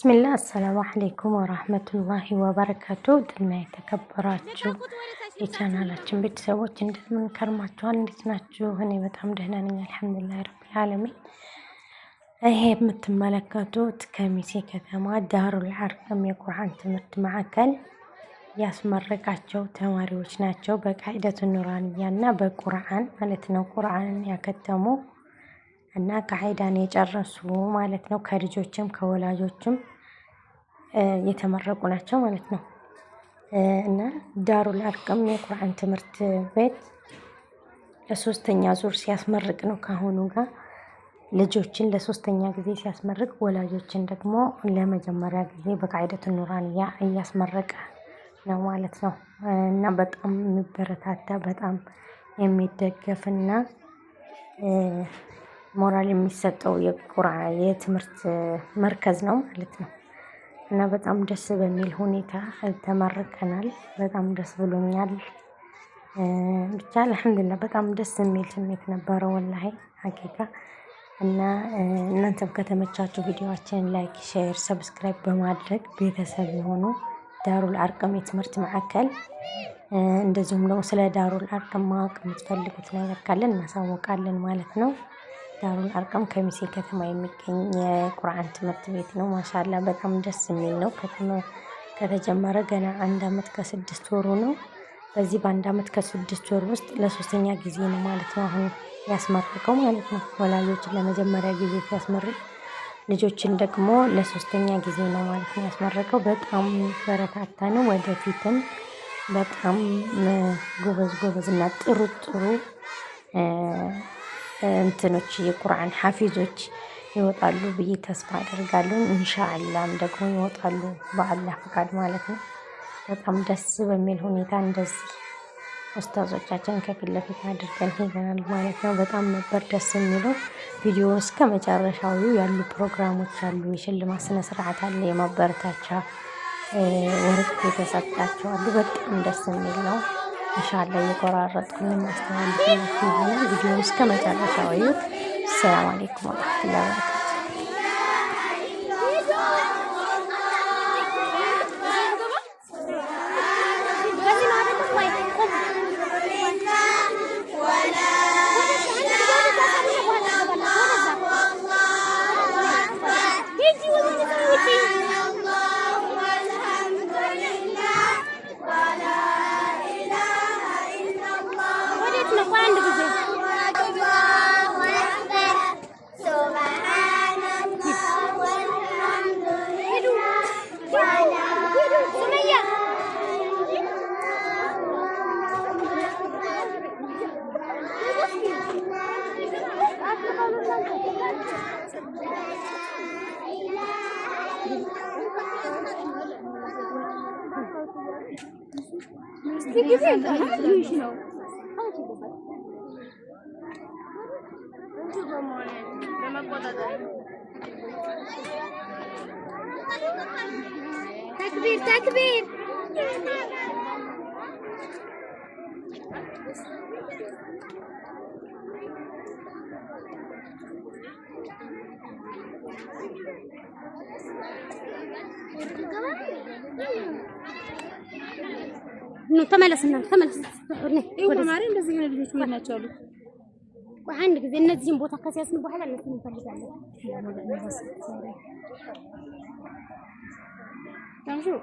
ብስሚላ አሰላሙ አለይኩም ወራህመቱላሂ ወበረከቱ። ድና የተከበራችሁ የቻናላችን ቤተሰቦች እንደምን ከርማችኋል? እንዴት ናችሁ? እኔ በጣም ደህና ነኝ አልሐምዱሊላሂ ረብል ዓለሚን። ይሄ የምትመለከቱት ከሚሴ ከተማ ዳሩል አርቀም የቁርአን ትምህርት ማዕከል ያስመረቃቸው ተማሪዎች ናቸው። በቃዒደቱ ኑራንያ እና በቁርአን ማለት ነው ቁርአንን ያከተሙ እና ከሀይዳን የጨረሱ ማለት ነው። ከልጆችም ከወላጆችም የተመረቁ ናቸው ማለት ነው። እና ዳሩል አርቅም የቁርአን ትምህርት ቤት ለሶስተኛ ዙር ሲያስመርቅ ነው ከአሁኑ ጋር ልጆችን ለሶስተኛ ጊዜ ሲያስመርቅ ወላጆችን ደግሞ ለመጀመሪያ ጊዜ በቃይደት ኑራንያ እያስመረቀ ነው ማለት ነው። እና በጣም የሚበረታታ በጣም የሚደገፍና ሞራል የሚሰጠው የቁራ የትምህርት መርከዝ ነው ማለት ነው። እና በጣም ደስ በሚል ሁኔታ ተመርከናል። በጣም ደስ ብሎኛል። ብቻ አልሐምዱላ በጣም ደስ የሚል ስሜት ነበረ ወላሂ ሀቂቃ። እና እናንተም ከተመቻችሁ ቪዲዮዎችን ላይክ፣ ሼር፣ ሰብስክራይብ በማድረግ ቤተሰብ የሆኑ ዳሩል አርቀም የትምህርት ማዕከል እንደዚሁም ደግሞ ስለ ዳሩል አርቀም ማወቅ የምትፈልጉት ነገር ካለን እናሳወቃለን ማለት ነው። ዳሩን አርቀም ከሚሴ ከተማ የሚገኝ የቁርአን ትምህርት ቤት ነው። ማሻላ በጣም ደስ የሚል ነው። ከተጀመረ ገና አንድ አመት ከስድስት ወሩ ነው። በዚህ በአንድ አመት ከስድስት ወር ውስጥ ለሶስተኛ ጊዜ ነው ማለት ነው አሁን ያስመረቀው ማለት ነው። ወላጆችን ለመጀመሪያ ጊዜ ሲያስመርቅ ልጆችን ደግሞ ለሶስተኛ ጊዜ ነው ማለት ነው ያስመረቀው። በጣም በረታታ ነው። ወደፊትም በጣም ጎበዝ ጎበዝ እና ጥሩ ጥሩ እንትኖች የቁርአን ሐፊዞች ይወጣሉ ብዬ ተስፋ አደርጋለሁ። ኢንሻአላም ደግሞ ይወጣሉ በአላህ ፈቃድ ማለት ነው። በጣም ደስ በሚል ሁኔታ እንደዚህ ኡስታዞቻችን ከፊት ለፊት አድርገን ሄደናል ማለት ነው። በጣም ነበር ደስ የሚለው ቪዲዮ እስከ መጨረሻው ያሉ ፕሮግራሞች አሉ። የሽልማት ስነ ስርዓት አለ። የማበረታቻ ወርቅ የተሰጣቸው አሉ። በጣም ደስ የሚል ነው። መጨረሻ ላይ ማስተላለፍ ይሆናል። ቪዲዮ እስከ መጨረሻው እዩት። ሰላም አለይኩም ወራህመቱላሂ ወበረካቱ Tá que vir, tá que vir. ተመለስና ተመለስ ማርያም እንደዚህ የሆነ ልጆች ምን ናቸው አሉ። አንድ ጊዜ እነዚህም ቦታ ከሲያስን በኋላ እነሱን እንፈልጋለን። ታንሹ